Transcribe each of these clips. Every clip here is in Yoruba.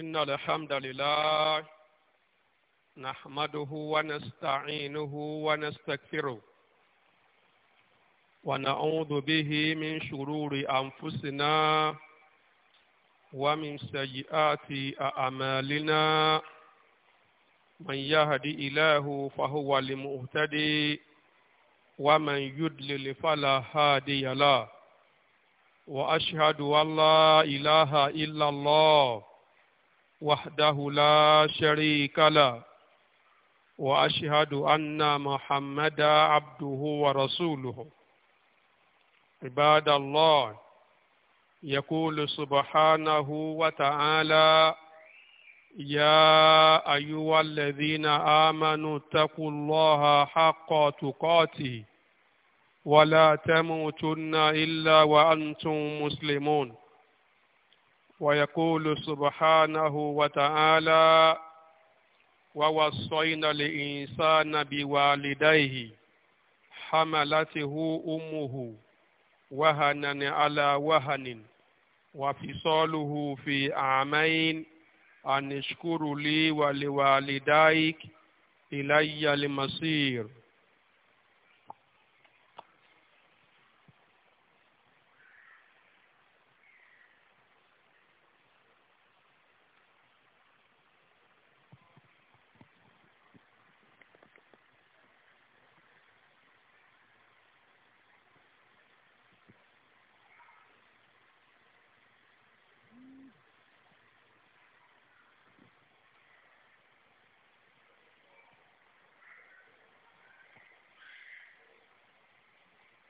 إن الحمد لله نحمده ونستعينه ونستغفره ونعوذ به من شرور أنفسنا ومن سيئات أعمالنا من يهدي إله فهو المهتدي ومن يدلل فلا هادي له وأشهد أن لا إله إلا الله وحده لا شريك له واشهد ان محمدا عبده ورسوله عباد الله يقول سبحانه وتعالى يا ايها الذين امنوا اتقوا الله حق تقاته ولا تموتن الا وانتم مسلمون ويقول سبحانه وتعالى ووصينا الإنسان بوالديه حملته أمه وهنا على وهن وفصاله في عامين أن اشكر لي ولوالديك إلي المصير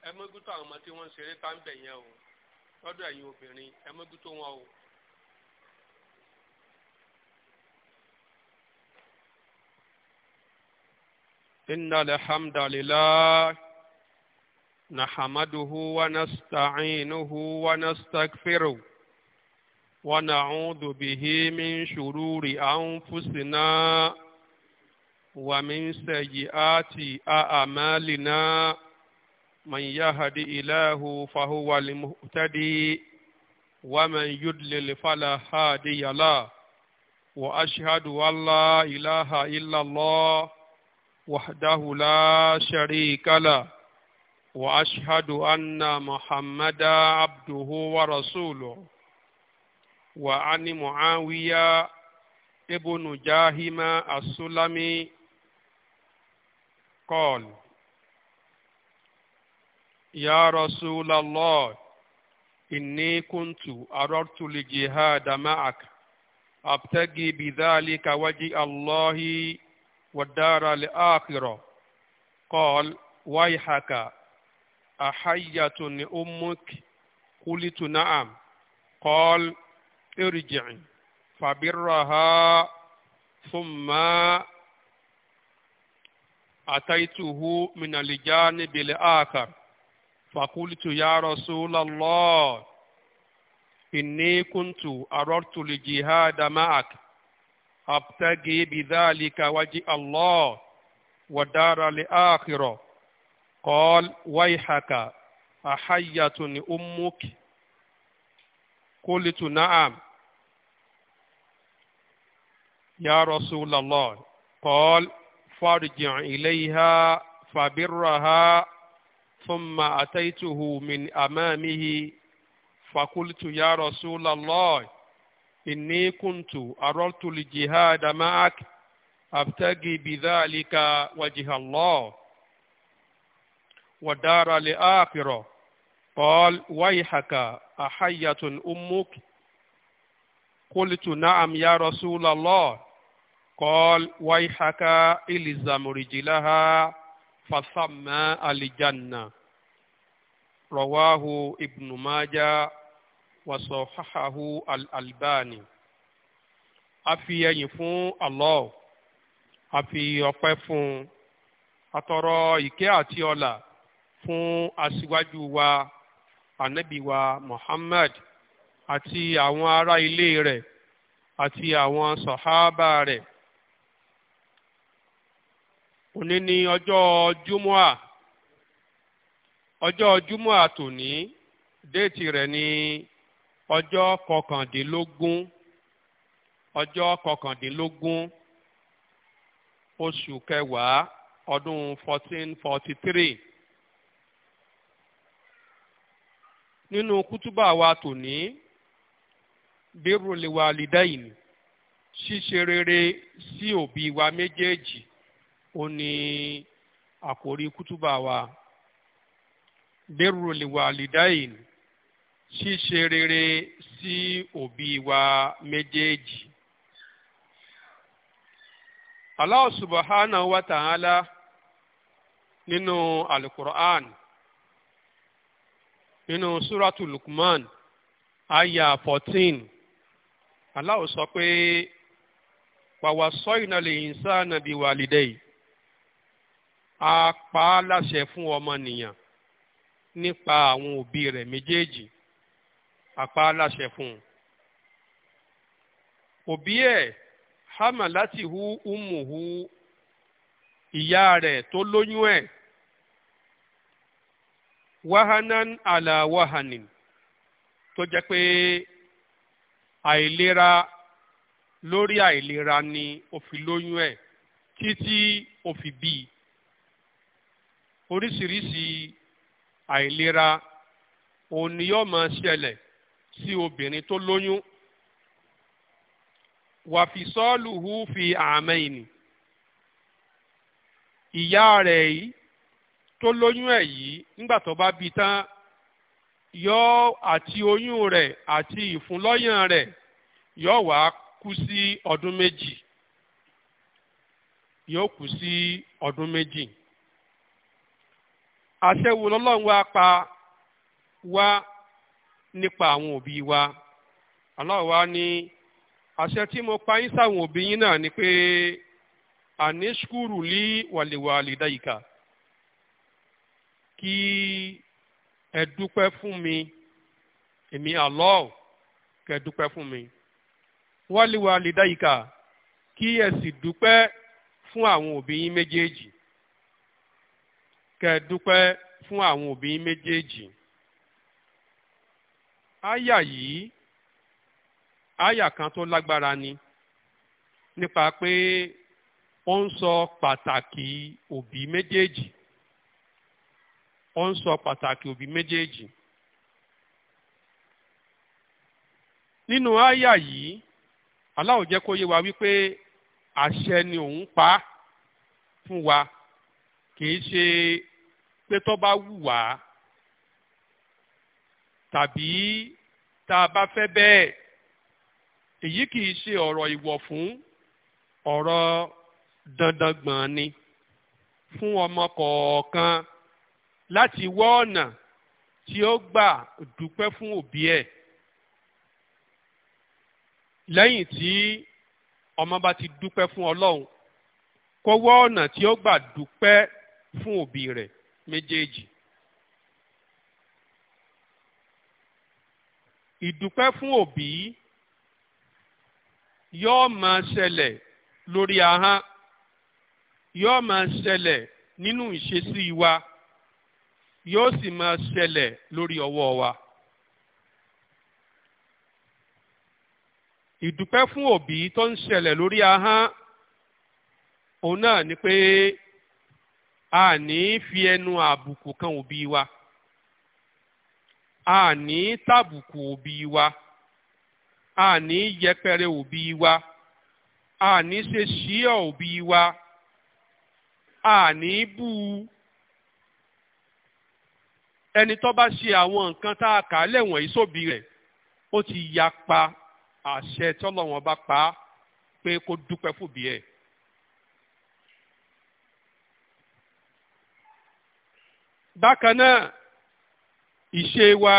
ẹ mójútó àwọn ọmọ tí wọ́n ń ṣeré tá ń bẹ̀ yẹn o lọ́dọ̀ ẹ̀yin obìnrin ẹ mójútó wọn o. إن الحمد لله نحمده ونستعينه ونستغفره ونعوذ به من شرور أنفسنا ومن سيئات أعمالنا من يهد إله فهو المهتدي ومن يدلل فلا هادي له وأشهد أن لا إله إلا الله وحده لا شريك له وأشهد أن محمدا عبده ورسوله وعن معاوية ابن جاهم السلمي قال يا رسول الله إني كنت أردت الجهاد معك أبتغي بذلك وجه الله والدار الآخرة قال ويحك أحية أمك قلت نعم قال ارجع فبرها ثم أتيته من الجانب الآخر فقلت يا رسول الله إني كنت أردت الجهاد معك أبتغي بذلك وجه الله ودار الآخرة قال ويحك أحية أمك قلت نعم يا رسول الله قال فارجع إليها فبرها ثم أتيته من أمامه فقلت يا رسول الله إني كنت أردت الجهاد معك أبتغي بذلك وجه الله ودار لآخرة. قال ويحك أحية أمك قلت نعم يا رسول الله قال ويحك إلزم رجلها fasamma alijanna rawahu ibnu maja wasahahahu al-albani a fi ẹyìn fún Allah a fi ọpẹ́ fún atọrọ ìkẹ́ àti ọlà fún aṣíwájú wa anabi muhammad àti àwọn ará ilé rẹ̀ àti àwọn sọhábà rẹ̀ òní ni ọjọ́ júmọ́à ọjọ́ júmọ́à tòní déètì rẹ̀ ni ọjọ́ kọkàndínlógún ọjọ́ kọkàndínlógún oṣù kẹwàá ọdún fourteen forty three nínú kútúbà wa tòní bírúliwalidaini ṣíṣe rere sí òbí wa méjèèjì ó ní àkórí kútúbà wa bẹ́rù lìwàlìdáìn ṣíṣe rere sí òbí wa méjèèjì. Allah subhanahu wa ta'ala nínú alukur'an nínú suratu lukman aya fourteen Allah sọ pé wàwà sọ́yìn náà lè ń sáà nàbí wàlídẹ́yìí a pa á láṣẹ fún ọmọnìyàn nípa àwọn òbí rẹ̀ méjèèjì a pa á láṣẹ fún un. òbí ẹ̀ hámà láti hu umuhu ìyá rẹ̀ tó lóyún ẹ̀ wahanan ala wahanin tó jẹ́ pé àìlera lórí àìlera ni ó fi lóyún ẹ̀ títí ó fi bí oríṣiríṣi àìlera òun ni yóò máa ṣẹlẹ̀ sí obìnrin tó lóyún wàfisọ́ọ̀lùhù fi àmẹ́yìnì ìyá rẹ̀ yìí tó lóyún ẹ̀ yìí nígbà tó bá bí tán yọ àti oyún rẹ̀ àti ìfúnlọ́yàn rẹ̀ yọ wá kú sí ọdún méjì yóò kú sí ọdún méjì àṣẹ wo lọ́lọ́run wá pa wá nípa àwọn òbí wa Allah wá ní àṣẹ tí mo pa yín sáwọn òbí yín náà ni pé àní ṣukúrù lí wàlíwàlí dáyìíká kí ẹ dúpẹ́ fún mi èmi Allah kẹ dúpẹ́ fún mi wàlíwàlí dáyìíká kí ẹ sì dúpẹ́ fún àwọn òbí yín méjèèjì kẹ́ dúpẹ́ fún àwọn òbí méjèèjì. Áyà yìí áyà kan tó lágbára ni nípa pé ó ń sọ pàtàkì òbí méjèèjì. Ó ń sọ pàtàkì òbí méjèèjì. Nínú áyà yìí, Allah jẹ́ yé wa wípé àṣẹ ni òun pa fún wa kì í ṣe pé tó bá wù wá tàbí tá a bá fẹ́ bẹ́ẹ̀ èyí kì í ṣe ọ̀rọ̀ ìwọ̀ fún ọ̀rọ̀ dandan gbọ̀n ni fún ọmọ kọ̀ọ̀kan láti wá ọ̀nà tí ó gbà dúpẹ́ fún òbí ẹ̀ lẹ́yìn tí ọmọ bá ti dúpẹ́ fún ọlọ́run kó wá ọ̀nà tí ó gbà dúpẹ́ fún òbí rẹ̀ méjèèjì. ìdúpẹ́ fún òbí yóò máa ṣẹlẹ̀ lórí ahọ́n yóò máa ṣẹlẹ̀ nínú ìṣesí wa yóò sì máa ṣẹlẹ̀ lórí ọwọ́ wa. ìdúpẹ́ fún òbí tó ń ṣẹlẹ̀ lórí ahọ́n òun náà ni pé a ní fi ẹnu àbùkù kan òbí wa a ní tàbùkù òbí wa a ní yẹpẹrẹ òbí wa a ní ṣe ṣíọ òbí wa a ní bú u ẹni tó bá ṣe àwọn nǹkan tá a kà á lẹ́wọ̀n yìí sóbì rẹ̀ ó ti yapa àṣẹ tọ́lọ́wọ́n bá pa á pé kó dúpẹ́ fòbí ẹ̀. bákan náà ìṣe wa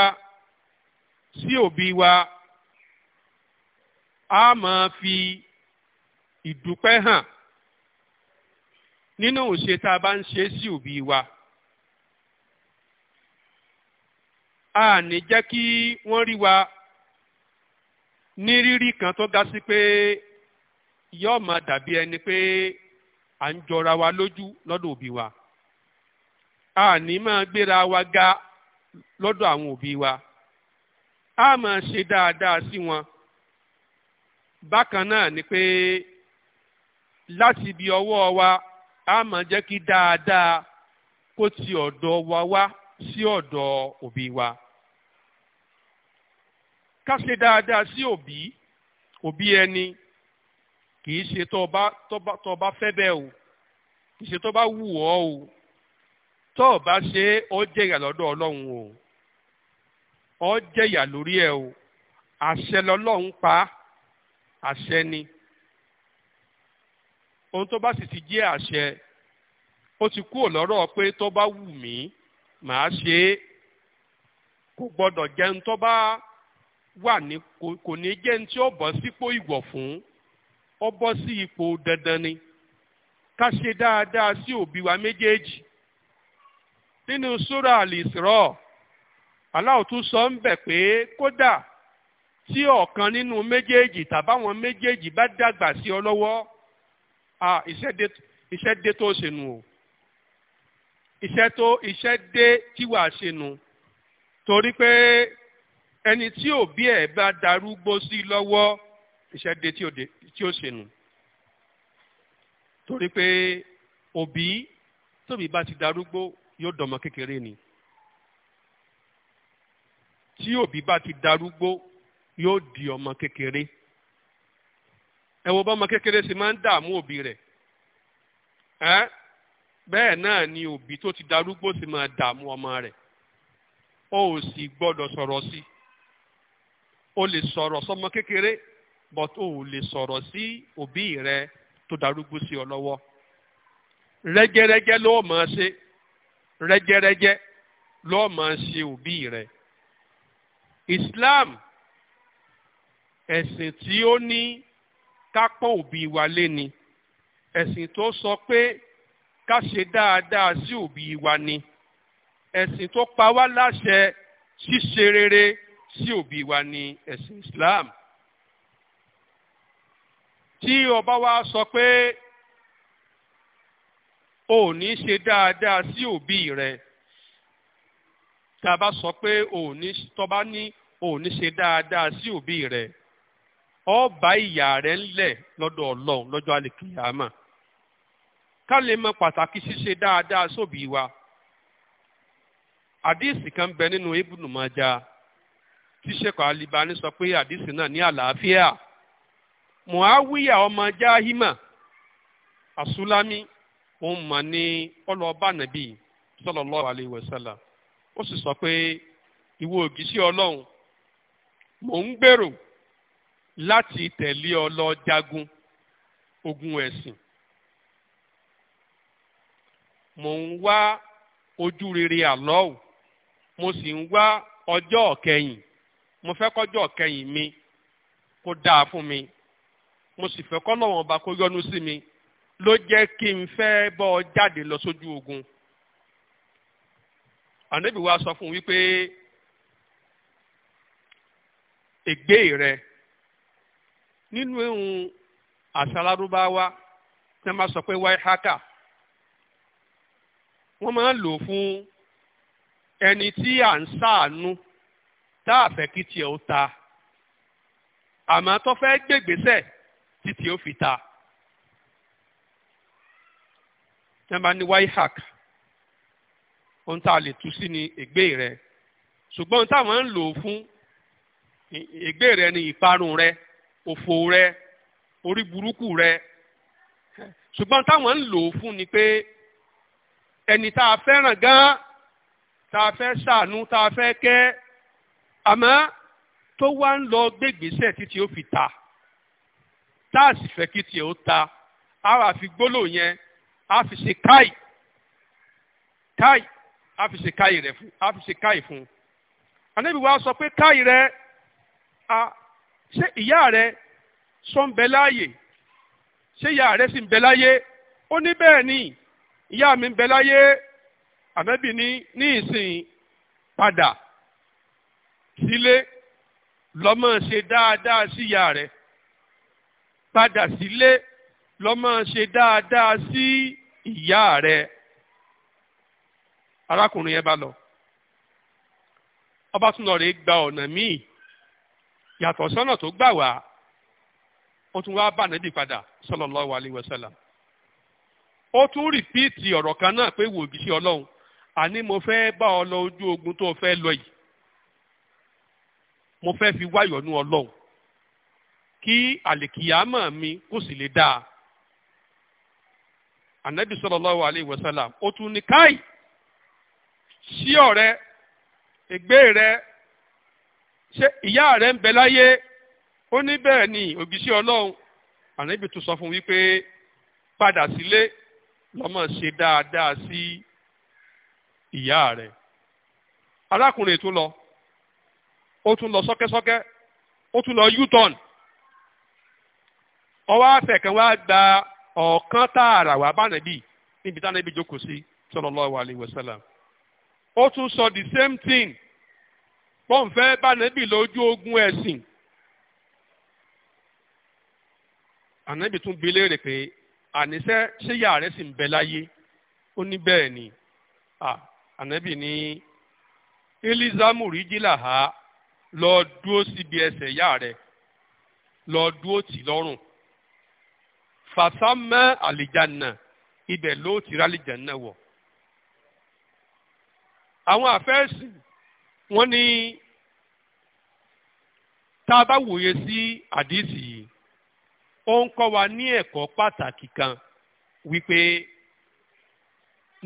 sí òbí wa a máa fi ìdúpẹ́ hàn nínú òṣè tá a bá ń ṣe sí òbí wa. a ní jẹ́ kí wọ́n rí wa ní rírí kan tó ga sí pé yóò máa dàbí ẹni pé à ń jọra wa lójú lọ́dọ̀ òbí wa a ní máa gbéra wa ga lọ́dọ̀ àwọn òbí wa a máa ṣe dáadáa sí wọn bákan náà ni pé láti ibi ọwọ́ wa a máa jẹ́ kí dáadáa kó ti ọ̀dọ̀ wa wá sí ọ̀dọ̀ òbí wa ká ṣe dáadáa sí òbí òbí ẹni kì í ṣe tó bá tó bá o kì í ṣe tó wù ọ́ o. tọ ọba bá ṣe é ó jẹ̀yà lọ́dọ̀ ọlọ́run o jẹ jẹ̀yà lórí ẹ o àṣẹ lọ́lọ́run pa àṣẹ ni ohun tó bá sì ti jẹ́ àṣẹ ó ti kúrò lọ́rọ̀ pé tó bá wù mí màá ṣe é kò gbọ́dọ̀ jẹun tó bá wà ní kò ní jẹun tí ó bọ́ sípò ìwọ̀ fún ó bọ́ sí ipò dandan ni ká ṣe dáadáa sí òbí wa méjèèjì nínú sura àlìsírọ aláwọ tún sọ ń bẹ pé kódà tí ọ̀kan nínú méjèèjì tàbáwọn méjèèjì bá dàgbà sí ọ lọ́wọ́ iṣẹ́ dé tó ṣe o iṣẹ́ tó iṣẹ́ dé tí wàá ṣe nù torí pé ẹni tí òbí ẹ̀ bá darúgbó sí lọ́wọ́ iṣẹ́ dé tí ó ṣe nù torí pé òbí tóbi bá ti darúgbó yóò dọmọ kékeré ni tí òbí bá ti darúgbó yóò di ọmọ kékeré ẹ wo bọ́mọ kékeré ṣe máa ń dààmú òbí rẹ̀ ẹ́ bẹ́ẹ̀ náà ni òbí tó ti darúgbó ṣe máa dààmú ọmọ rẹ̀ ó ò sì gbọ́dọ̀ sọ̀rọ̀ sí o lè sọ̀rọ̀ sọmọ kékeré but o ò lè sọ̀rọ̀ sí òbí rẹ tó darúgbó sí ọ lọ́wọ́ rẹ́gẹ́rẹ́gẹ́ ló máa ṣe rẹ́jẹ́rẹ́jẹ́ lọ́ọ́ máa ṣe òbí rẹ̀ Islam ẹ̀sìn tí ó ní kápọ̀ òbí wa lé ni ẹ̀sìn tó sọ pé ká ṣe dáadáa sí òbí wa ni ẹ̀sìn tó pa wá láṣẹ ṣíṣe rere sí òbí wa ni ẹ̀sìn Islam tí ọba wa sọ pé. o ò ní ṣe dáadáa sí òbí rẹ tá sọ pé o ní tó ní o ò ní ṣe dáadáa sí òbí rẹ ọ bá ìyà rẹ ńlẹ̀ lọ́dọ̀ Ọlọ́run lọ́jọ́ àlìkìyàmà ká lè mọ pàtàkì ṣíṣe dáadáa sóbì wa àdíìsì kan bẹ nínú Ibnu Majah tí sẹ́kọ̀ọ́ alibani sọ pé àdísì náà ní àlàáfíà muawiya ọmọ jahima asulami òun mà ní ọlọ́ọ̀bá nàbí sallallahu alaihi wasallam ó sì sọ pé ìwọ ògìṣẹ́ ọlọ́run mò ń gbèrò láti tẹ̀lé ọ lọ jagun ogun ẹ̀sìn mò ń wá ojú rere àlọ́ọ̀ mo sì ń wá ọjọ́ ọ̀kẹyìn mo fẹ́ kọjọ́ ọ̀kẹyìn mi kó dáa fún mi mo sì fẹ́ kọ́ lọ́wọ́n ọba kó yọ́nú sí mi ló jẹ́ kí n fẹ́ bọ́ jáde lọ sójú ogun ànábì wa sọ fún wípé ègbé rẹ nínú ehun àṣà lárúbáwá tí wọ́n máa sọ pé wáyé hákà wọ́n máa ń lò fún ẹni tí à ń ṣàánú tá a fẹ́ kí tiẹ̀ ó ta àmọ́ tó fẹ́ gbègbèsẹ̀ tí tiẹ̀ ó fi ta. tí wọ́n bá ní wayhack ohun tá a lè tú sí ni ègbé rẹ ṣùgbọ́n ohun táwọn ń lò fún ègbé rẹ ni ìparun rẹ òfò rẹ orí burúkú rẹ ṣùgbọ́n táwọn ń lò fún ni pé ẹni tá a fẹ́ràn gan tá a fẹ́ ṣàánú tá a fẹ́ kẹ́ àmọ́ tó wá ń lọ gbégbèsè títí ó fi ta tá a sì fẹ́ kí tiẹ̀ ó ta a wà fi gbólóò yẹn Afise kai, kai, afise kai a fi ṣe káì rẹ fún a kai ṣe anabi wa sọ pé káì rẹ a ṣé ìyá rẹ sọ ń bẹ láàyè ṣé ìyá rẹ sì ń bẹ láyé ó ní bẹ́ẹ̀ ni ìyá mi ń bẹ láyé ànábì ní ní ìsìn padà sílé lọ́mọ ṣe dáadáa sí ìyá rẹ̀ padà sílé lọ́mọ ṣe dáadáa sí ìyá rẹ arákùnrin yẹn bá lọ ọba tún lọ rè gba ọ̀nà míì yàtọ̀ sọ́nà tó gbà wá ó tún wá bá nàbì padà sallallahu alaihi wasallam ó tún rìpíìtì ọ̀rọ̀ kan náà pé wò bísí ọlọ́run àní mo fẹ́ bá ọ lọ ojú ogun tó o fẹ́ lọ yìí mo fẹ́ fi wáyọ̀ nú ọlọ́run kí àlèkìyàmọ̀ mi kó sì lè dáa anabi sallallahu alayhi wa sallam ó tún ní káì sí ọ̀rẹ́ ẹgbẹ́ rẹ ṣé ìyá rẹ ń bẹ láyé ó ní bẹ́ẹ̀ ni ògìsí ọlọ́run anabi tún sọ fún wípé padà sílé lọ́mọ ṣe dáadáa sí ìyá rẹ arákùnrin tún lọ ó tún lọ sọ́kẹ́sọ́kẹ́ ó tún lọ u-turn ọwọ́ àfẹ̀kẹ́ wá gba ọ̀kan tààrà wá bá nàbí níbi tánàbí jókòó sí sallallahu alaihi wasallam. ó tún sọ the same thing pọ́ǹfẹ́ bá nàbí lójú ogun ẹ̀sìn. ànábì tún bi léèrè pé àníṣẹ́ ṣé yàrá rẹ̀ sì ń bẹ láyé ó ní bẹ́ẹ̀ ni ànábì ní elizamu rijila ha lọ dúró síbi ẹsẹ̀ yàrá rẹ̀ lọ dúró tì lọ́rùn fàsámẹ́ àlìjánà ibẹ̀ ló ti rálìjánà wọ̀. àwọn àfẹ́sì wọ́n ní tá a bá wòye sí àdísì yìí ó ń kọ́ wa ní ẹ̀kọ́ pàtàkì kan wípé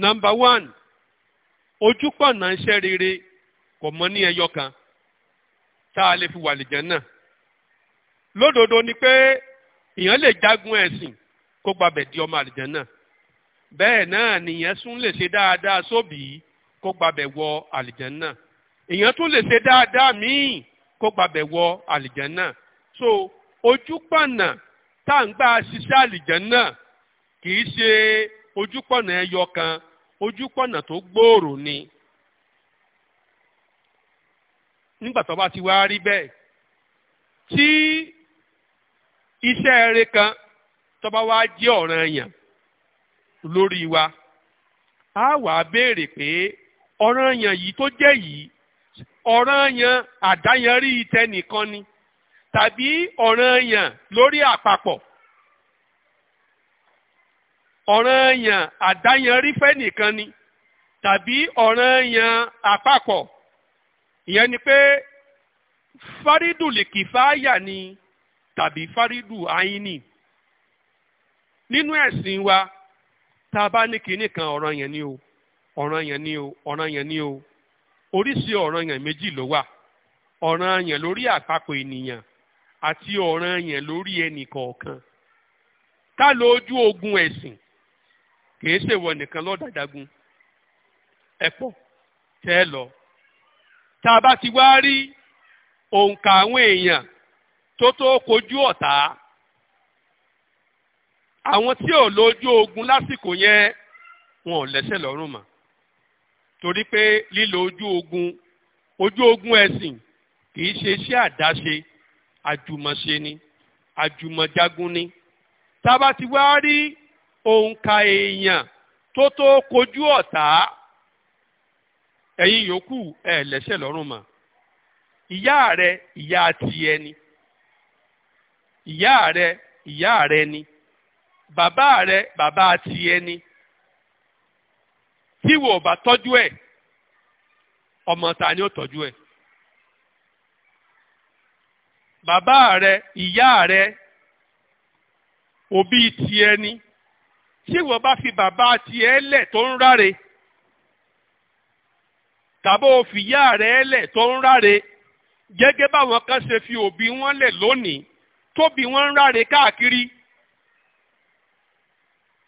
nọ́mbà one ojúpọ̀nà iṣẹ́ rere kò mọ́ ní ẹyọ kan tá a lè fi wà lìjánà lódodo ni pé èèyàn lè jagun ẹ̀sìn kó gbabẹ̀ di ọmọ náà bẹ́ẹ̀ náà nìyẹn tún lè ṣe dáadáa sóbì kó gbabẹ̀ wọ náà èèyàn tún lè ṣe dáadáa míì kó gbabẹ̀ wọ so ojúpọ̀nà tá à ń gbà ṣiṣẹ́ kì í iṣẹ́ eré kan tó bá wá jẹ́ ọ̀ranyàn lórí wa a wà béèrè pé ọ̀ranyàn yìí tó jẹ́ yìí ọ̀ranyàn àdáyanrí tẹnìkan ni tàbí ọ̀ranyàn lórí àpapọ̀ ọ̀ranyàn àdáyanrí fẹ́nìkan ni tàbí ọ̀ranyàn àpapọ̀ ìyẹn ni pé fárídùlì kìfáyà ni tàbí fárídù àyínì nínú ẹ̀sìn wa tá a bá ní kinní kan ọ̀ràn yẹn ni o ọ̀ràn yẹn ni o ọ̀ràn yẹn ni o oríṣi ọ̀ràn yẹn méjì ló wà ọ̀ràn yẹn lórí àpapọ̀ ènìyàn àti ọ̀ràn yẹn lórí ẹnì kọ̀ọ̀kan ká lo ojú ogun ẹ̀sìn kìí ṣèwọ nìkan lọ́dàdàgun ẹ pọ̀ tẹ́ ẹ lọ tá a bá ti wá rí òǹkà àwọn èèyàn tó tó kojú ọ̀tá àwọn tí ò lójú ogun lásìkò yẹn wọn ò lẹ́sẹ̀ lọ́rùn mọ́ torí pé lílo ojú ogun ojú ogun ẹ̀sìn kì í ṣe iṣẹ́ àdáṣe àjùmọ̀ṣe ni àjùmọ̀jagun ni tá ti wá rí òǹkà èèyàn tó tó kojú ọ̀tá ẹ̀yin yòókù ẹ̀ lẹ́sẹ̀ lọ́rùn mọ́ ìyá rẹ ìyá tiẹ̀ ni ìyá rẹ ìyá rẹ ni bàbá rẹ bàbá tiẹ̀ ni tí wò bá tọ́jú ẹ̀ ọmọ ta ni ó tọ́jú ẹ̀ bàbá rẹ ìyá rẹ òbí tiẹ̀ ni tí wò bá fi bàbá tiẹ̀ lẹ̀ tó ń ráre tàbí fi ìyá rẹ lẹ̀ tó ń ráre gẹ́gẹ́ báwọn kan ṣe fi òbí wọn lẹ̀ lónìí tóbi wọn ń ráre káàkiri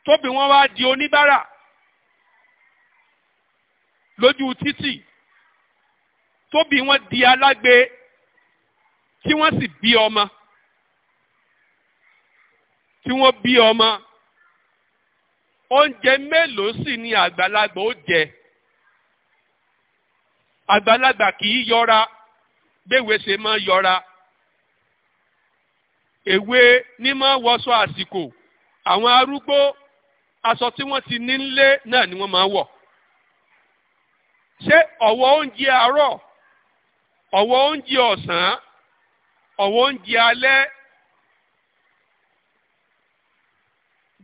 tóbi wọn wá di oníbàárà lójú títì tóbi wọn di alágbe tí wọn sì bí ọmọ tí wọn bí ọmọ oúnjẹ mélòó sì ni àgbàlagbà ó jẹ àgbàlagbà kì í yọra béwèé ṣe máa yọra èwe ní máa wọṣọ àsìkò àwọn arúgbó aṣọ tí wọ́n ti ní nílé náà ni wọ́n máa wọ̀ ṣé ọ̀wọ́ oúnjẹ àárọ̀ ọ̀wọ́ oúnjẹ ọ̀sán ọ̀wọ́ oúnjẹ alẹ́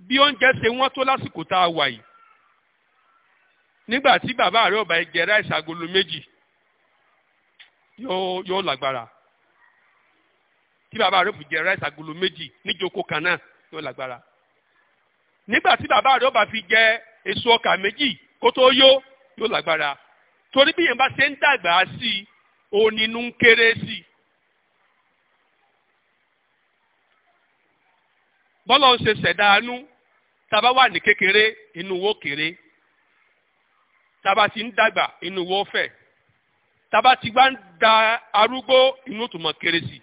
bí oúnjẹ ṣe wọ́n tó lásìkò tá a wà yìí nígbà tí bàbá rẹ̀ ọba ẹgẹ ráìsì méjì yóò lágbára. tí bàbá rẹ fi jẹ rice agolo méjì níjókòó kan náà yóò lágbára nígbà tí bàbá rẹ ó bá fi jẹ èso ọkà méjì kó tó yó yóò lágbára torí bí yẹn bá ṣe ń dàgbà sí i onínú ń kéré sí i. bọ́lá ń ṣe ṣẹ̀dá tába wà ní kékeré inú wo kéré tába ti ń dàgbà inú wo fẹ̀ tába ti gbá ń da arúgbó inú tó mọ̀ kéré sí i.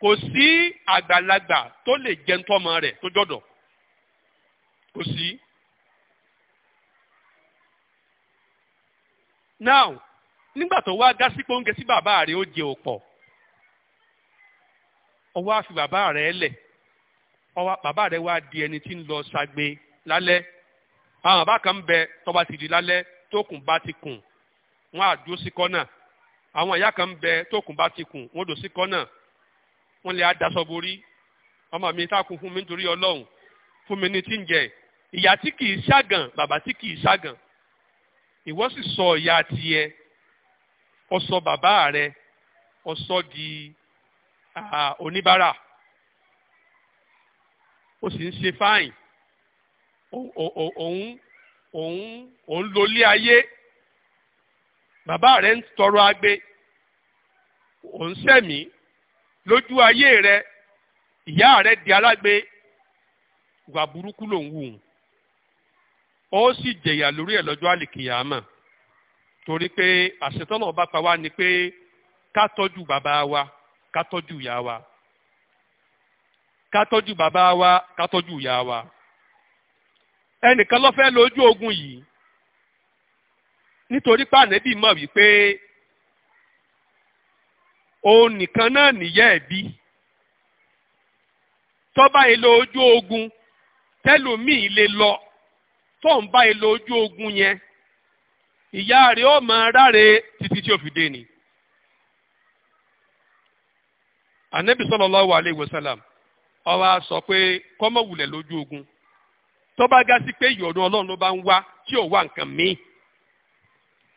kò sí àgbàlagbà tó lè jẹun tọmọ rẹ̀ tó jọ̀dọ̀ kò sí. now nígbà tó wá gásí pé oúnjẹ tí bàbá rẹ̀ ó jẹ òpọ̀ ó wá fi bàbá rẹ̀ lẹ̀ ó bàbá rẹ̀ wá di ẹni tí ń lọ ṣagbe lálẹ́ àwọn bàbá kan bẹ tó bá ti di lálẹ́ tókùn bá ti kùn wọ́n á sí kọ́nà àwọn ìyá kan bẹ tókùn bá ti kùn wọ́n dò sí kọ́nà wọ́n lè adaṣọ borí ọmọ mi sákun fún mi nítorí ọlọ́run fún mi ní tí ń jẹ ìyá tí kì í ṣàgàn bàbá tí kì í ṣàgàn ìwọ sì sọ ìyá tiẹ̀ ó sọ bàbá rẹ ó sọ di oníbàárà ó sì ń ṣe fáìn òun òun òun lólé ayé bàbá rẹ ń tọrọ agbe òun sẹ́mi lójú ayé rẹ ìyá rẹ di alágbe ìwà burúkú ló ń wù ó sì jẹ̀yà lórí ẹ̀ lọ́jọ́ àlìkìyàmà torí pé àṣetọ́nà ọba pa wá ni pé ká tọ́jú bàbá wa ká tọ́jú ìyá wa ká tọ́jú bàbá wa ká tọ́jú ìyá wa ẹnìkan ló fẹ́ lójú ogun yìí nítorí pé ànẹ́bí wípé òun nìkan náà nìyá ẹ̀ tọ́ba ilé ojú ogun tẹ́lòmíì lè lọ tó bá ilé ojú ogun yẹn ìyá rẹ̀ ó máa ráre títí tí ó fi dé ni. anabi sallallahu alayhi wa sallam ó wá sọ pé kọ́mọ̀wulẹ̀ lójú ogun tọ́ba ga sí pé ìyọ̀nù ọlọ́run ló bá ń wá tí ò wá nǹkan míì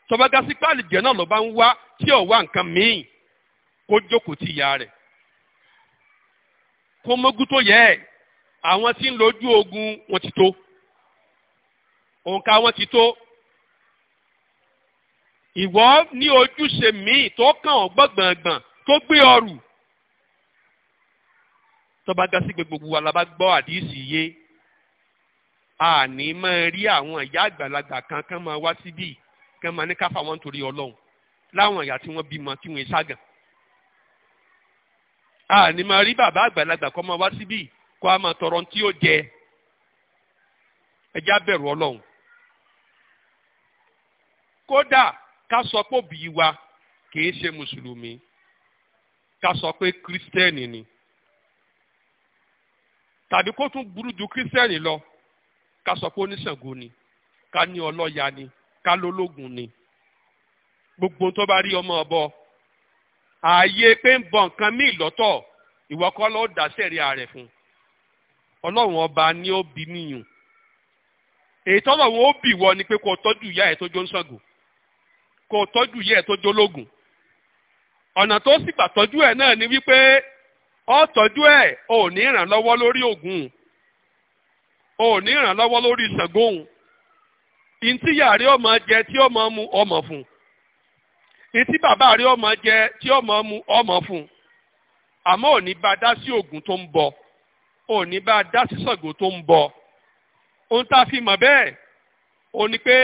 tọ́ba ga sí pé àlìjẹ́ náà ló bá ń wá tí ò wá nǹkan míì kó jókòó ti ìyá rẹ̀ kó mógú tó yẹ ẹ̀ àwọn tí ń lójú ogun wọn ti tó òǹkà wọn ti tó ìwọ ní ojúṣe míì tó kàn ọ́ gbọ̀ngbọ̀ngbọ̀n tó gbé ọrù tọ́ba gasi gbogbo wa la bá gbọ́ àdìsí yé àní máa rí àwọn ìyá àgbàlagbà kan kán máa wá síbí kán máa ní káfà wọn torí ọlọ́run láwọn ìyá tí wọ́n bímọ tí wọ́n ṣàgàn a ní máa rí bàbá àgbàlagbà kọ́ máa wá síbí kó a máa tọrọ tí ó jẹ ẹjá bẹ̀rù ọlọ́run kódà ká sọ pé òbí wa kìí ṣe mùsùlùmí ká sọ pé kírísítẹ́nì ni tàbí kó tún burú ju kírísítẹ́nì lọ ká sọ pé oníṣàngó ni ká ní ọlọ́ya ni ká lólógùn ni gbogbo tó bá rí ọmọ ọbọ. ààyè pé ń bọ nǹkan míì lọ́tọ̀ ìwọ kọ́ ló dá sẹ́ríà fún ọba ni ó bí níyùn èyí wọ ni pé o tọ́jú ìyá ẹ̀ tó jó ń o tọ́jú ìyá ẹ̀ tó jó lógun ọ̀nà tó sì gbà tọ́jú ẹ̀ náà ni wípé tọ́jú ẹ̀ ò ní ìrànlọ́wọ́ lórí ò ní ìrànlọ́wọ́ lórí ọmọ jẹ tí ọmọ mu ọmọ fún un etí bàbá rẹ ọmọ jẹ tí ọmọ mu ọmọ fún àmọ òní bá dá sí ògùn tó ń bọ òní bá dá sí Ṣàngó tó ń bọ ohun tá a fi mọ̀ bẹ́ẹ̀ ó ní pé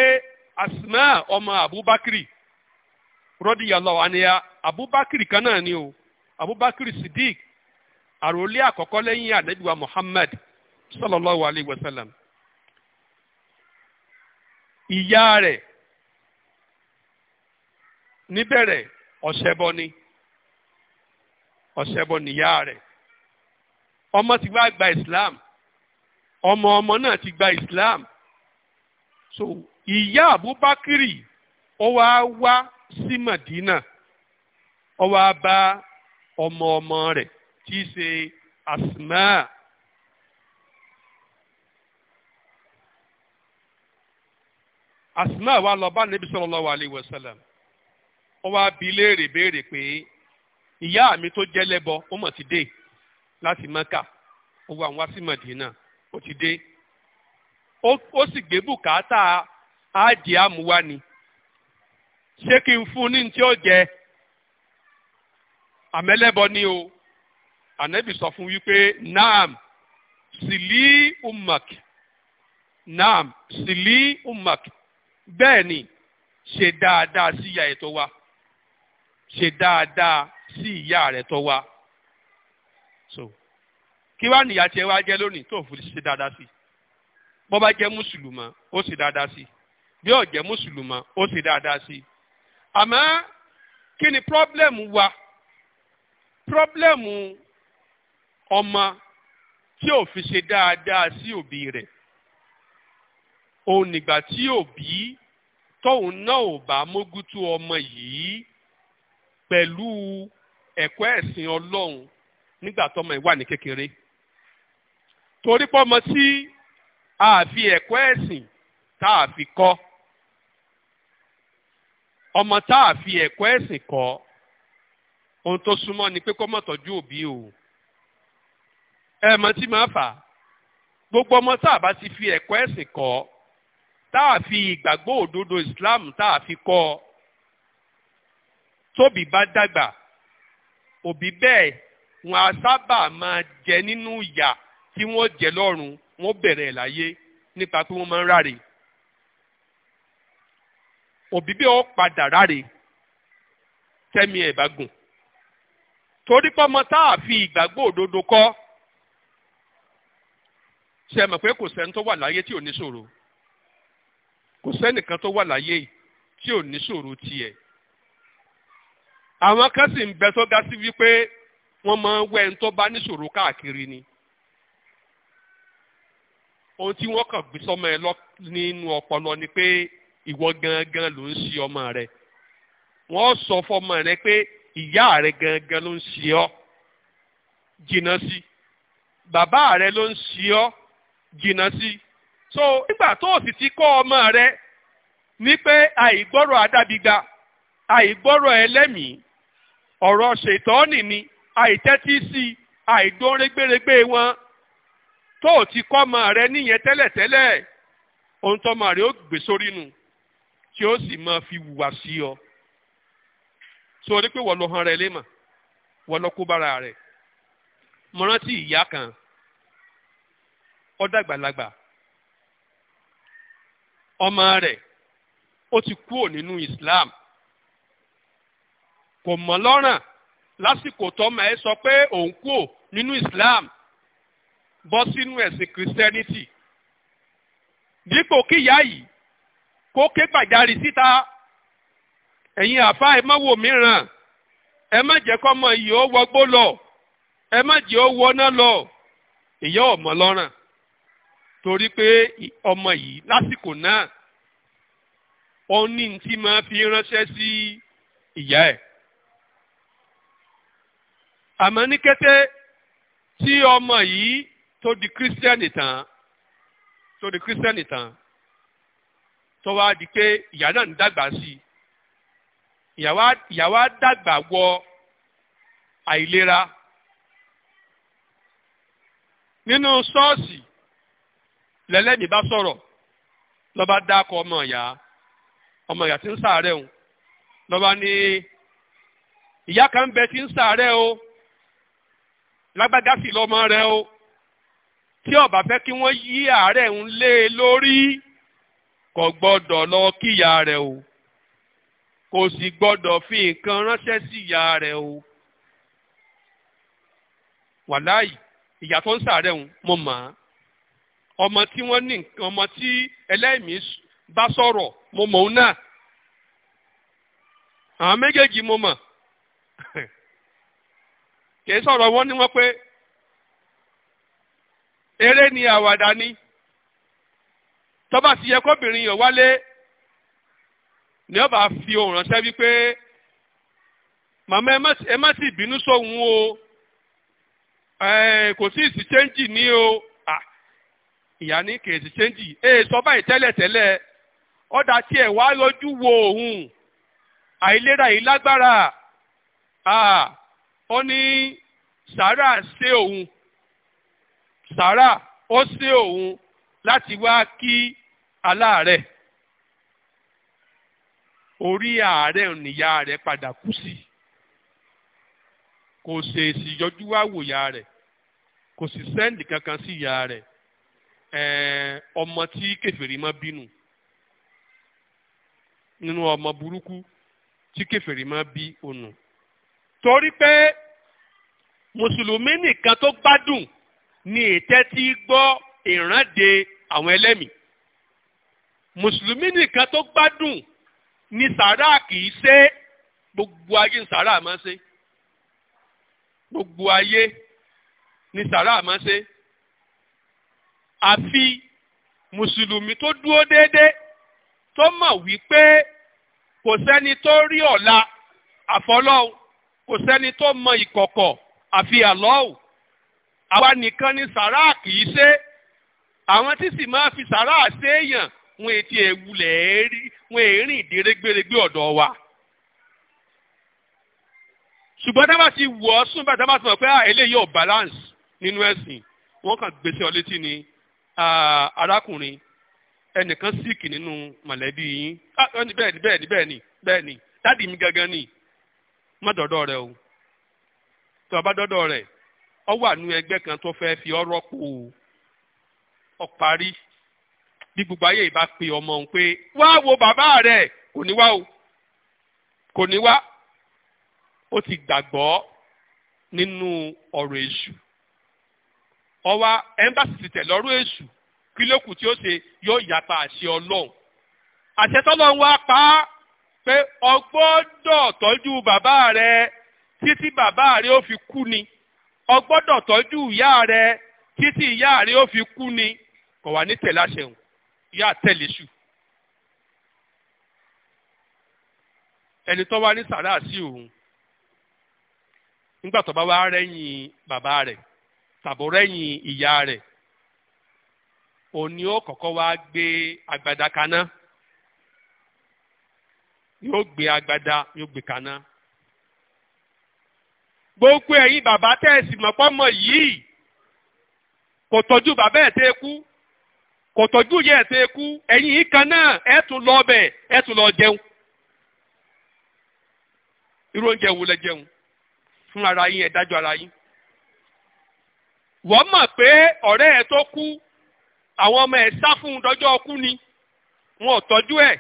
Asma ọmọ Abubakiri radiyallahu anha Abubakiri kan náà ni o Abubakiri Siddiq àròlé àkọ́kọ́ lẹ́yìn ànábìwá Muhammad sallallahu alayhi wa sallam ìyá rẹ. níbẹ̀rẹ̀ ọ̀ṣẹbọ ni ọ̀ṣẹbọ nìyá rẹ̀ ọmọ ti wá gba Islam ọmọ ọmọ náà ti gba Islam so ìyá Abubakiri ó wá wá sí Madina ó wá bá ọmọ ọmọ rẹ̀ tí í ṣe Asma. Asma wa lọ bá Nabi sallallahu alaihi wasallam Ọ wá bi léèrè béèrè pé ìyá mi tó jẹ́ lẹ́bọ ó ti dé láti mẹ́kà ó wá wá sí mọ̀dínà ó ti dé ó sì gbé bùkátà áàdì àmúwá ni ṣé kí n fún ní tí ó jẹ àmẹ́lẹ́bọ ni o ànẹ́bì sọ fún wípé naam sìlí umak naam sìlí umak bẹ́ẹ̀ ni ṣe dáadáa sí ìyá wa. ṣe dáadáa sí ìyá rẹ̀ tó wá so kí wàá nìyà tiẹ̀ wá jẹ́ lónìí tó fi ṣe dáadáa sí bó bá jẹ́ mùsùlùmá ó ṣe dáadáa sí bí ó jẹ́ mùsùlùmá ó ṣe dáadáa sí àmọ́ kí ni pírọ́blẹ́mù wa pírọ́blẹ́mù ọmọ tí ò fi ṣe dáadáa sí òbí rẹ̀ òun nígbà tí òbí tóun náà ò bá mógútó ọmọ yìí pẹ̀lú ẹ̀kọ́ ẹ̀sìn ọlọ́run nígbà tọmọ ẹ̀ wà ní kékeré torí pọ́mọ sí àfi ẹ̀kọ́ ẹ̀sìn tá a fi kọ́ ọmọ tá a fi ẹ̀kọ́ ẹ̀sìn kọ́ ohun tó súnmọ́ ni pé kó mọ̀ tọ́jú òbí o ẹ mọ̀ tí máa fà gbogbo ọmọ tá a bá ti fi ẹ̀kọ́ ẹ̀sìn kọ́ tá a fi ìgbàgbọ́ òdodo Islam tá a fi kọ́ ọ tóbi bá dàgbà òbí bẹ́ẹ̀ wọn á sábà máa jẹ nínú ìyà tí wọ́n jẹ lọ́run wọ́n bẹ̀rẹ̀ láyé nípa pé wọ́n máa ń ráre òbí bẹ́ẹ̀ ó padà ráre tẹ́mi ẹ̀ bá gùn torí pọ́mọ tá a fi ìgbàgbọ́ òdodo kọ́ ṣe mọ̀ pé kò sẹ́ni tó wà láyé tí ò ní ṣòro kò sẹ́nìkan tó wà láyé tí ò ní ṣòro tiẹ̀ àwọn kan sì ń bẹ tó ga sí wípé wọ́n máa ń wẹ́ ẹni tó bá níṣòro káàkiri ni ohun tí wọ́n kàn gbé sọ́mọ ẹ nínú ọpọlọ ni pé ìwọ gangan ló ń ṣe ọmọ rẹ wọ́n sọ fọmọ rẹ pé ìyá rẹ gangan ló ń ṣe ọ jìnnà sí bàbá rẹ ló ń ṣe ọ jìnnà sí so nígbà tó o sì ti kọ́ ọmọ rẹ ní pé àìgbọ́rọ̀ àdàbígba àìgbọ́rọ̀ ẹlẹ́mìí ọ̀rọ̀ ṣètọ́nì ni àìtẹ́tí sí àìdórégbèrègbè wọn tó o ti kọ́ ọmọ rẹ níyẹn tẹ́lẹ̀tẹ́lẹ̀ ohun tọ́mọ rẹ ó gbé sórí nu tí ó sì máa fi wùwà sí ọ sórí pé wọ́n lọ han rẹ lémà wọ́n lọ kó bára rẹ̀ mo rántí ìyá kan ó dàgbàlagbà ọmọ rẹ ó ti kúrò nínú Islam kò mọ̀ lọ́ràn lásìkò tọ́mọ ẹ sọ pé òun kò nínú Islam bọ́ sínú ẹ̀sìn Christianity dípò kíyà yìí kó ké gbàjarì síta ẹ̀yin àfa ẹ má wò mìíràn ẹ má jẹ́ kọ́ kọ́mọ yìí ó wọgbó lọ ẹ má jẹ́ ó wọná lọ ìyá ọmọ lọ́ràn torí pé ọmọ yìí lásìkò náà ó ní ti máa fi ránṣẹ́ sí ìyá ẹ̀. àmọ́ ní kété tí ọmọ yìí tó di kírísítẹ́nì tán tó di kírísítẹ́nì tán tó wá di pé ìyá náà ń dàgbà sí i ìyá wa dàgbà wọ àìlera nínú ṣọ́ọ̀ṣì lẹ́lẹ́mìí bá sọ̀rọ̀ lọ́ba dákọ̀ ọmọ ìyá ọmọ ìyá tí ń ṣàárẹ̀ òun lọ́ba ní ìyá kan bẹ tí ń ṣàárẹ̀ o lágbájá sì lọ́mọ rẹ o tí ó bá fẹ́ kí wọ́n yí àárẹ̀ ń lé e lórí kò gbọ́dọ̀ lọ kíyà rẹ̀ o kò sì gbọ́dọ̀ fi nǹkan ránṣẹ́ sí ìyá rẹ̀ o wàláì ìyá tó ń sàárẹ̀ ń mọ̀ mọ́ ọmọ tí wọ́n ní nǹkan ọmọ tí ẹlẹ́mìí bá sọ̀rọ̀ mọ̀ ọ́n náà àwọn méjèèjì mo mọ̀ kìí sọ̀rọ̀ wọ́n ní wọ́n pé eré ni àwàdà ni tọ́ba ti yẹ kóbìnrin yàn wálé ni ọba fi ohun ránṣẹ́ wípé màmá ẹ má sì bínú sóhun o kò sí ìsì chẹ́ńjì ní o ìyá ní kì í sì chẹ́ńjì ee sọ báyìí tẹ́lẹ̀tẹ́lẹ̀ ọ̀dà tiẹ̀ wá lójú wo òun àìlera yìí lágbára ó ní sàárà ṣe òun sàárà ó ṣe òun láti wá kí aláàárẹ̀ orí àárẹ̀ nìyá rẹ̀ padà kú sí kò ṣèèṣì yọjú wá wòyà rẹ̀ kò sì sẹ́ǹdì kankan sí ìyá rẹ̀ ọmọ tí kẹfìrí mọ́ bínú nínú ọmọ burúkú tí kẹfìrí mọ́ bí ònù torí pé mùsùlùmí nìkan tó gbádùn ni ìtẹ́tí gbọ́ ìrande àwọn ẹlẹ́mìí mùsùlùmí nìkan tó gbádùn ni sàrà kìí ṣe gbogbo ayé ni sàrà máa ṣe gbogbo ayé ni sàrà máa ṣe àfi mùsùlùmí tó dúró déédéé tó mọ̀ wípé kò sẹ́ni tó rí ọ̀la àfọlọ́hun kò sẹ́ni tó mọ ìkọ̀kọ̀ àfi àlọ́ọ̀ àwa nìkan ni sàrà kìí ṣe àwọn tí sì máa fi sàrà ṣéèyàn wọn ètí e èwulẹ̀ rí wọn èrìn e ìdérégbèrègbè ọ̀dọ̀ wa. ṣùgbọ́n dábà ti wọ̀ ọ́ sún bàtà bá ti mọ̀ pé ah, eléyìí ò balance nínú ẹ̀sìn wọ́n kàn gbèsè ọ létí ni ah, arákùnrin ẹnìkan síìkì nínú mọ̀lẹ́bí yín ah, bẹ́ẹ̀ ni bẹ́ẹ̀ ni bẹ́ẹ̀ ni bẹ́ẹ̀ ni dáàdì mi gangan ni má dọ́dọ̀ rẹ o tó o bá dọ́dọ̀ rẹ ọ wà nú ẹgbẹ́ kan tó fẹ́ fi ọ rọ́pò ọ parí bí gbogbo ayé ìbá pe ọmọ òun pé wá wo bàbá rẹ kò ní wá o kò ní wá ó ti gbàgbọ́ nínú ọ̀rọ̀ èṣù ọwa ẹmbàsì ti tẹ̀ èṣù kí tí ó ṣe yóò yàtọ̀ àṣẹ ọlọ́run àṣẹ tọ́lọ́run wá pa á pé ọgbọ́dọ̀ tọ́jú bàbá rẹ títí bàbá rẹ ó fi kú ni ọgbọ́dọ̀ tọ́jú ìyá rẹ títí ìyá rẹ ó fi kú ni kò wá ní tẹ̀lé àṣẹ̀hùn ìyá tẹ̀lé ṣù. ẹni tó wá ní sàrà sí òun nígbà tó bá wá rẹ́yìn bàbá rẹ̀ tàbó rẹ́yìn ìyá rẹ̀ òun ni ó kọ́kọ́ wá gbé agbada kaná yóò gbé agbada yóò gbé kaná gbogbo ẹ̀yin bàbá tẹ́ẹ̀sì mọ̀pọ́mọ yìí kò tọ́jú bàbá ẹ̀ tẹ́ kú kò tọ́jú yẹ ẹ̀ tẹ́ kú ẹ̀yin yìí kan náà ẹ̀ tún lọ ọbẹ̀ ẹ̀ tún lọ jẹun irú oúnjẹ wo lẹ jẹun fún ara yín ẹ̀ dájọ́ ara yín wọ́n mọ̀ pé ọ̀rẹ́ ẹ̀ tó kú àwọn ọmọ ẹ̀ sá fún un dọ́jọ́ ọkú ni wọn ò tọ́jú ẹ̀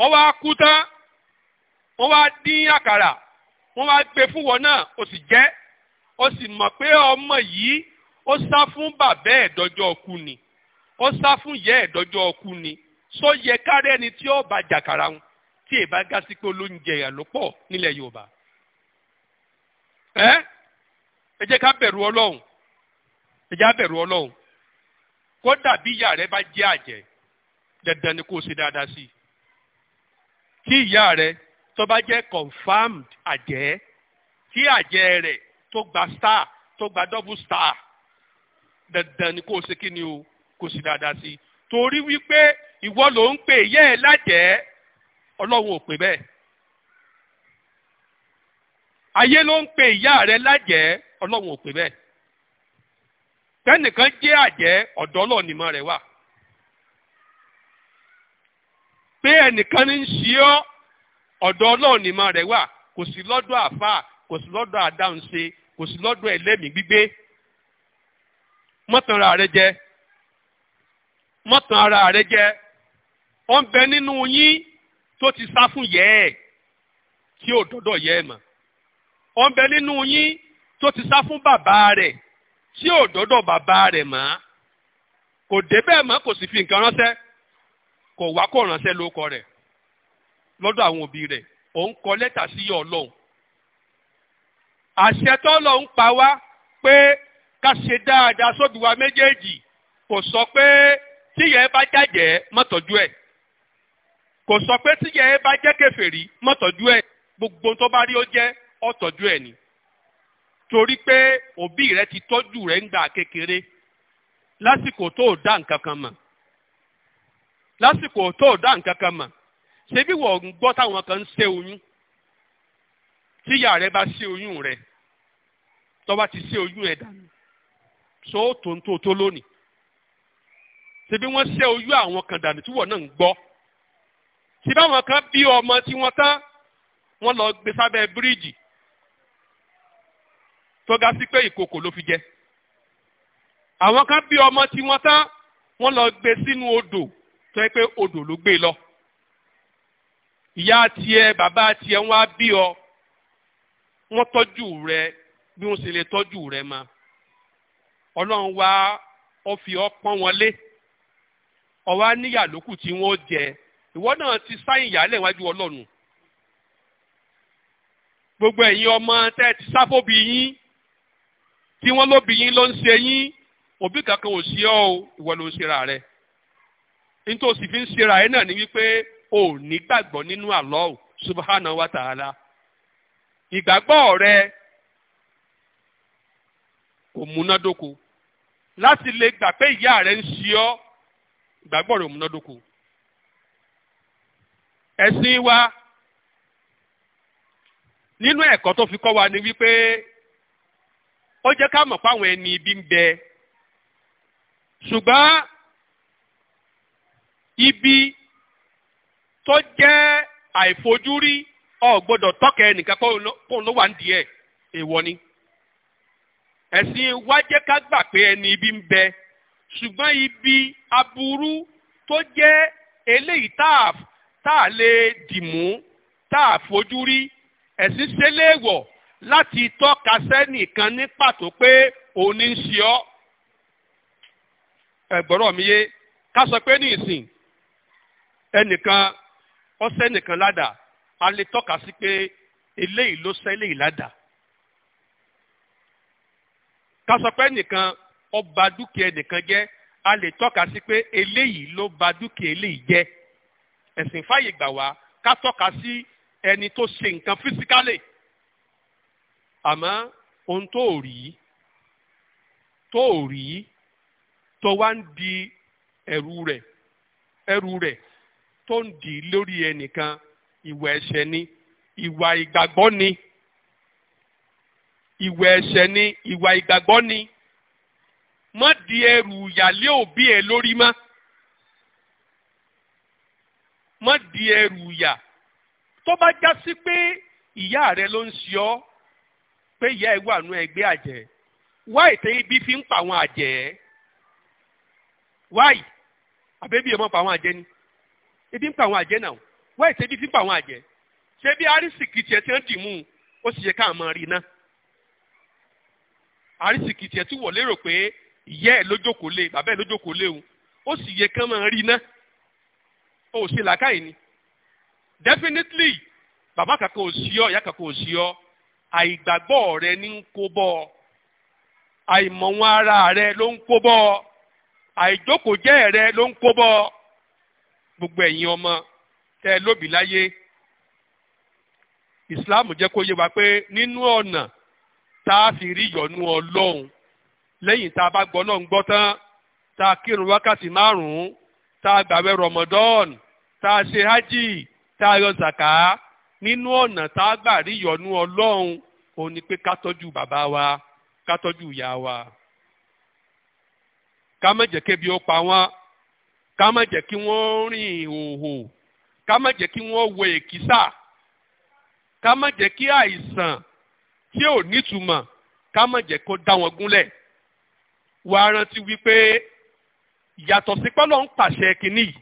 wọ́n wá kú tán wọ́n wá dín àkàrà wọ́n wá gbé fún wọn náà o sì jẹ́ o sì mọ̀ pé ọmọ yìí ó sá fún bàbá ẹ̀ ọkú ni ó sá fún ìyá ẹ̀ dọ́jọ́ ọkú ni sọ yẹ kárẹ́ ni tí ó bá jàkàrà wọn tí èbá ga sí pé olóúnjẹ ìyàlópọ̀ nílẹ̀ Yorùbá ẹ ẹ jẹ́ ká bẹ̀rù Ọlọ́run ẹ jẹ́ ká bẹ̀rù Ọlọ́run kódà bí ìyá rẹ bá jẹ́ àjẹ́ dandan ni kó ṣe dáadáa sí i tí ìyá rẹ tó bá jẹ́ confirmed àjẹ́ tí àjẹ́ rẹ̀ tó gba star tó gba double star dandan ni kò ṣe kí ni o kò sì dáadáa sí i torí wípé ìwọ ló ń pè yẹ́ ẹ̀ lájẹ́ ọlọ́run ò pè bẹ́ẹ̀ ayé ló ń pè ìyá rẹ lájẹ́ ọlọ́run ò pè bẹ́ẹ̀ tẹ́nìkan jẹ́ àjẹ́ ọ̀dọ́ ọlọ́ọ̀nìmọ̀ rẹ̀ wà. pé ẹnìkan ní ń ṣe ọ́ ọ̀dọ̀ ọlọ́run ni máa rẹ̀ wà kò sí lọ́dọ̀ àfáà kò sí lọ́dọ̀ àdáhùnṣe kò sí lọ́dọ̀ ẹlẹ́mìí gbígbé mọ́tàn ara rẹ jẹ mọ́tàn ara rẹ jẹ ó ń bẹ nínú yín tó ti sá fún yẹ ẹ̀ tí ò dọ́dọ̀ yẹ ẹ̀ mọ̀ ó ń bẹ nínú yín tó ti sá fún bàbá rẹ̀ tí ò dọ́dọ̀ bàbá rẹ̀ mọ́ kò débẹ̀ mọ́ kò sì fi nǹkan ránṣẹ́ kò wá kò ránṣẹ́ lóko rẹ̀ lọ́dọ̀ àwọn òbí rẹ̀ òun kọ lẹ́tà sí ọlọ́run àṣẹ tọ́lọ̀ ń pa wá pé ká ṣe dáadáa sóbí wa méjèèjì kò sọ pé tíyẹ̀ bá jàjẹ́ mọ́tọ́jú ẹ̀ kò sọ pé tíyẹ̀ bá jẹ́ kèfèrí mọ́tọ́jú ẹ̀ gbogbo tó bá rí ó jẹ́ ọ̀tọ́jú ẹ̀ ni torí pé òbí rẹ ti tọ́jú rẹ ń gbà kékeré lásìkò tó dá nǹkan kan mọ̀ lásìkò tó dá nǹkan kan mọ̀ ṣebí wọ́n ń gbọ́ táwọn kan ń ṣe oyún tíyà rẹ bá ṣe oyún rẹ tó ti ṣe oyún ẹ̀ dànù so tó ń tó tó lónìí ṣebí wọ́n ṣe oyún àwọn kan dànù tí wọ́n náà ń gbọ́ ṣebí àwọn kan bí ọmọ tí wọ́n tán wọ́n lọ gbé sábẹ́ bíríìjì tó ga sí pé ìkòkò ló fi jẹ àwọn kan bí ọmọ tí wọ́n tán wọ́n lọ gbé sínú odò tó yẹ pé odò ló gbé lọ ìyá tiẹ̀ bàbá tiẹ̀ wọ́n á bí ọ wọ́n tọ́jú rẹ bí wọ́n ṣe lè tọ́jú rẹ ma Ọlọ́run wá ọ fi ọ pọ́n wọn lé ọwọ níyà lókù tí wọ́n jẹ ìwọ náà ti sáyìn ìyálẹ̀ wájú Ọlọ́run gbogbo ẹ̀yin ọmọ tẹ́ ẹ ti sáfóbi yín tí wọ́n lóbi yín ló ń ṣe yín òbí kankan ò sí ọ o ìwọ ló ń ṣera rẹ. nítorí òsì fi ń ṣera ẹ náà ni wípé o ò ní gbàgbọ́ nínú Allah subhanahu wa ta'ala ìgbàgbọ́ rẹ kò múnádóko láti lè gbà pé ìyá rẹ ń ṣe ọ́ ìgbàgbọ́ rẹ ò múnádóko ẹ̀sìn wa nínú ẹ̀kọ́ tó fi kọ́ wa ni wípé ó jẹ́ ká mọ̀ fáwọn ẹni ibi ń bẹ ṣùgbọ́n ibi tó jẹ́ àìfojúrí ò gbọ́dọ̀ tọ́kẹ́ nìkan kóun ló wà ń díẹ̀ èèwọ̀ ni. ẹ̀sìn wa jẹ́ ká gbà pé ẹni ibi ń bẹ ṣùgbọ́n ibi aburú tó jẹ́ eléyìí tá a lè dìmú tá a fojú rí ẹ̀sìn ṣẹlẹ̀wọ̀ láti tọ́ka sẹ́nìkan ní pàtó pé òun ń ṣe ọ́. ẹ̀gbọ́rọ̀ mi yé ká sọ pé ní ìsìn ẹnìkan ọsẹ nìkan ládàá a lè tọ́ka sí pé eléyìí ló sẹ́ eléyìí ládàá ká sọ pé ẹnìkan ó bà dúkìá ẹnìkan jẹ́ a lè tọ́ka sí pé eléyìí ló bà dúkìá eléyìí jẹ́ ẹ̀sìn fàyè gbà wá ká tọ́ka sí ẹni tó ṣe nǹkan físíkálì àmọ́ ohun tó rí tó rí tó wá ń di ẹrù rẹ̀ ẹrù rẹ̀ tó ń dì lórí ẹnìkan ìwà ẹ̀ṣẹ̀ ni ìwà ìgbàgbọ́ ni ìwà ẹ̀ṣẹ̀ ni ìwà ìgbàgbọ́ ni má di ẹrù ìyálé òbí ẹ lórí má má di ẹrù ìyà tó bá já sí pé ìyá rẹ ló ń ṣe ọ́ pé ìyá ẹ wà nú ẹgbẹ́ àjẹ́ wá ètè ibi fi ń pa àwọn àjẹ́ wáyì àbẹ́bí ẹ̀ mọ́ pa àwọn àjẹ́ ni. ebi ń pa àwọn àjẹ́ náà wọ́n ètè ibi fi ń pa àwọn àjẹ́ ṣé bí arísìkì tiẹ̀ ti ń dì mú un ó sì yẹ ká máa rí náà arísìkì tiẹ̀ ti wọ̀ lérò pé ìyá ẹ̀ lójókòó lé bàbá ẹ̀ lójókòó lé òun ó sì yẹ ká máa rí iná ó sì làákàyè ni definitely bàbá kankan ò sí ọ ìyá kankan ò sí ọ àìgbàgbọ́ rẹ ní ń kó bọ́ ọ ara rẹ ló ń kó bọ́ ọ àìjókòó jẹ́ rẹ ló ń kó bọ́ ọ. gbogbo ẹ̀yin ọmọ tẹ́ ẹ lóbi láyé islam jẹ́ kó yé wa pé nínú ọ̀nà tá a fi rí yọ̀nú ọlọ́run lẹ́yìn tá a bá gbọ́ ọlọ́run gbọ́ tán tá a kírun wákàtí márùn-ún tá a gbàwẹ̀ rọmọdọ́ọ̀n tá a ṣe hajj tá a yọ zàká nínú ọ̀nà tá a gbà rí yọ̀nú ọlọ́run òun ni pé ká tọ́jú bàbá wa ká tọ́jú ìyá wa ká má jẹ́ kébi ó pa wọ́n ká má jẹ́ kí wọ́n rìn ìhòòhò ká má jẹ́ kí wọ́n wọ èkísà ká má jẹ́ kí àìsàn tí ò nítumọ̀ ká má jẹ́ kó dá wọn gúnlẹ̀ wàá rántí wípé yàtọ̀ sí pé Ọlọ́run pàṣẹ kínní yìí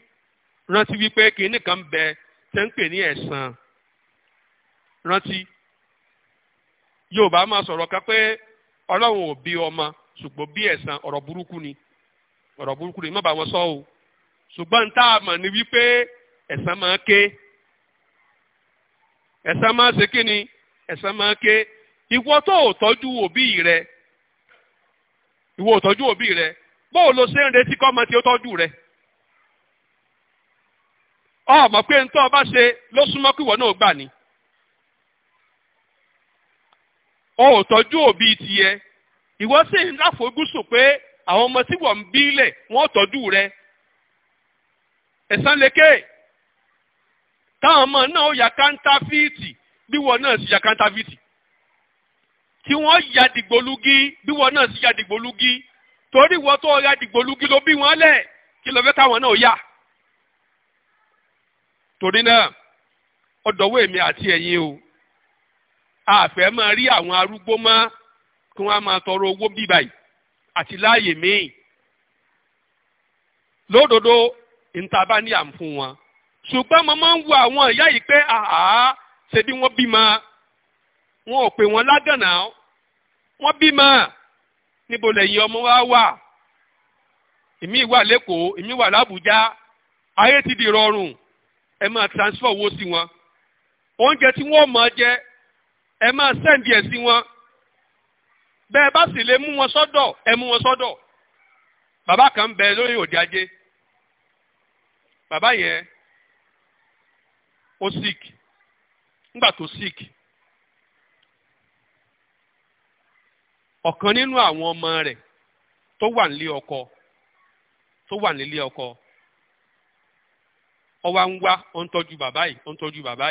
rántí wípé kínní kan bẹ tẹ́ ń pè ní ẹ̀san rántí Yorùbá máa sọ̀rọ̀ kan pé Ọlọ́run ò bí ọmọ ṣùgbọ́n bí ẹ̀san ọ̀rọ̀ burúkú ni ọ̀rọ̀ burúkú ni má bá wọn sọ o ṣùgbọ́n tá a mọ̀ ni wípé ẹ̀san máa ké ẹ̀san máa ṣe kí ni ẹ̀san máa ké ìwọ tó ò tọ́jú òbí rẹ ìwọ ò tọ́jú òbí rẹ bóò lo ṣe ń retí kọ́ ọmọ tí ó tọ́jú rẹ ọmọ pé ntọ́ ọba ṣe ló súnmọ́ kí ìwọ náà gbà ni o ò tọ́jú òbí tiẹ̀ ìwọ sì ń láfojúsùn pé àwọn ọmọ tí wọ́n ń bí lẹ̀ wọ́n tọ́jú rẹ ẹ̀sán leke, táwọn ọmọ náà ó ya kántáfíìtì bí wọn náà sì ya kántáfíìtì tí wọ́n ya dìgbòlugi bí wọn náà sì ya dìgbòlugi torí wọ́n tó ya dìgbòlugi ló bí wọ́n lẹ̀ kí ló fẹ́ káwọn náà yà torí náà ọ̀dọ̀wọ́ èmi àti ẹ̀yin o àfẹ́ máa rí àwọn arúgbó mọ́ kí wọ́n máa tọrọ owó bíbáyìí àti láàyè míì lódodo níta bá ní àmú fún wọn ṣùgbọ́n mo máa ń wo àwọn ìyá yìí pé àhà ṣe bí wọ́n bímọ wọn ò pè wọ́n ládànà wọ́n bímọ níbo lẹ́yìn ọmọ wa wà èmi wà lẹ́kọ̀ọ́ èmi wà lábújá ayé ti di rọrùn ẹ máa transfer owó sí wọn oúnjẹ tí wọ́n máa jẹ ẹ máa sẹ́ǹdì ẹ̀ sí wọn bẹ́ẹ̀ bá sì lè mú wọn sọ́dọ̀ ẹ mú wọn sọ́dọ̀ bàbá kan ń bẹ lórí òde ajé bàbá yẹn ó sick nígbà tó sick nínú àwọn ọmọ rẹ̀ tó wà nílé ọkọ tó wà nílé ọkọ ó ń wá ó ń tọ́jú bàbá yìí ó ń tọ́jú bàbá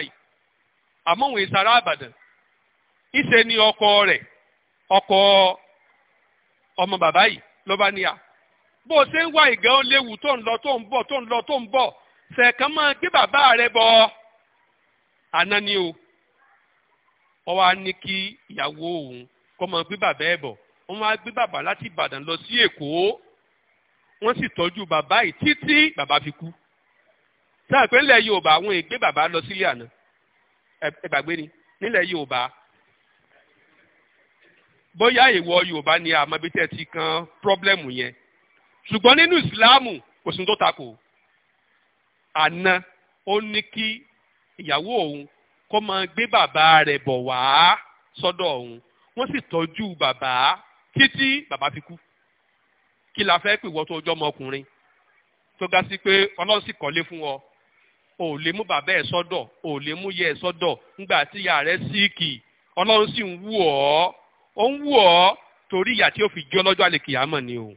ni ọkọ rẹ̀ ọkọ ọmọ bàbá yìí ló ní bó o ṣe ń wá ìgàn ó léwu tó ń lọ tó ń bọ̀ tó ń lọ tó ń bọ̀ sẹ̀kan máa gbé bàbá rẹ bọ̀ àná ni o wọ́n wá ní kí ìyàwó òun kọ́ máa gbé bàbá ẹ̀ bọ̀ wọ́n wá gbé bàbá láti Ìbàdàn lọ sí Èkó wọ́n sì tọ́jú bàbá yìí títí bàbá fi kú sáà pé ńlẹ̀ Yorùbá àwọn ègbé bàbá lọ sílé àná ẹ gbàgbé ni nílẹ̀ Yorùbá bóyá ìwọ Yorùbá ni àmọ́bí tẹ́ ti kan pírọ́blẹ́mù yẹn ṣùgbọ́n nínú ìsìláàmù kò sí tó takò àna ó ní kí ìyàwó òun kó máa gbé bàbá rẹ̀ bọ̀ wá sọ́dọ̀ òun wọ́n sì tọ́jú bàbá títí bàbá fi kú kí la fẹ́ pè wọ́n tó ọjọ́ ọmọkùnrin tó ga sí pé ọlọ́run sì kọ́lé fún ọ ò lè mú bàbá ẹ̀ sọ́dọ̀ ò lè mú yẹ ẹ̀ sọ́dọ̀ nígbà tí ìyá rẹ̀ síìkì ọlọ́run sì ń wù ọ́ ó ń wù ọ́ torí ìyà tí ó fi jẹ́ ọlọ́jọ́ àlèkìyàmọ̀ ni o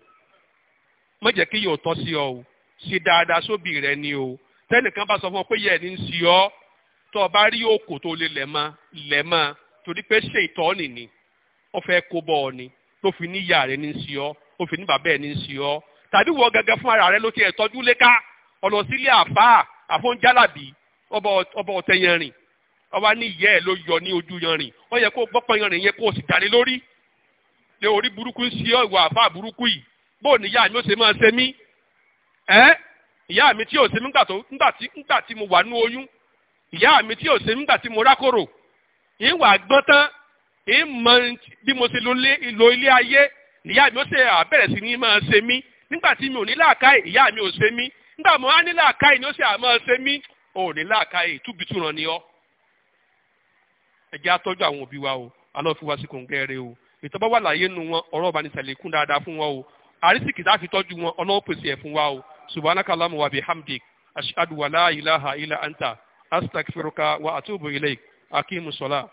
má jẹ́ kí yóò tọ́ sí ọ o ṣe dáadáa sóbì rẹ ni o tẹ́nìkan bá sọ fún ọ pé yẹ ẹni ń sí ọ tó o bá rí òkò tó lè lẹ́mọ lẹ́mọ torí pé ṣe ìtọ́ nìní ó fẹ́ kó bọ́ ọ ni ló fi ní ìyá rẹ ní ń sí ọ ó fi ní bàbá ẹ ní ń sí ọ tàbí wọ gẹ́gẹ́ fún ara rẹ ló ti ẹ̀ tọ́jú léka ọ̀nà sílé àfáà àfọ̀njálàbí ọba ọ̀tẹ̀yẹrin ọba ní ìyá ẹ̀ ló yọ ní ojú yanrìn ó yẹ kó gbọ́pọ̀ yanrìn yẹn kó o sì dàrí lórí lé orí burúkú ń sí ọ ìwà àfáà burúkú yìí bó ni ìyá mi ó ṣe máa ṣe mí ẹ́ ìyá mi tí ò ṣe mí nígbà tó nígbà tí nígbà tí mo wà ní oyún ìyá mi tí ò ṣe mí nígbà tí mo rákòrò ń wà gbọ́n tán ń mọ bí mo ṣe lo ilé ayé ìyá mi ó ṣe àbẹ̀rẹ̀ sí ní máa ṣe mí nígbà tí mi ò ní làákàyè ìyá mi ò ṣe mí nígbà mo á ní làákàyè ni ó ṣe àmọ́ ṣe mí ò ní làákàyè túbitúran ni ọ́ ẹ jẹ́ atọ́jú àwọn òbí wa o alọ́ fi wá sí kòǹgẹ́rẹ́ o ìtọ́bá wà láyé nu wọn ọ̀rọ̀ ọ̀bánisàlẹ̀ kún dáadáa fún wọn o àrísìkì tá a fi tọ́jú wọn ọlọ́wọ́ pèsè ẹ̀ wa o subhanakallahumma wa bihamdik ashhadu wa la ilaha illa anta astaghfiruka wa atubu ilayk akimu salat.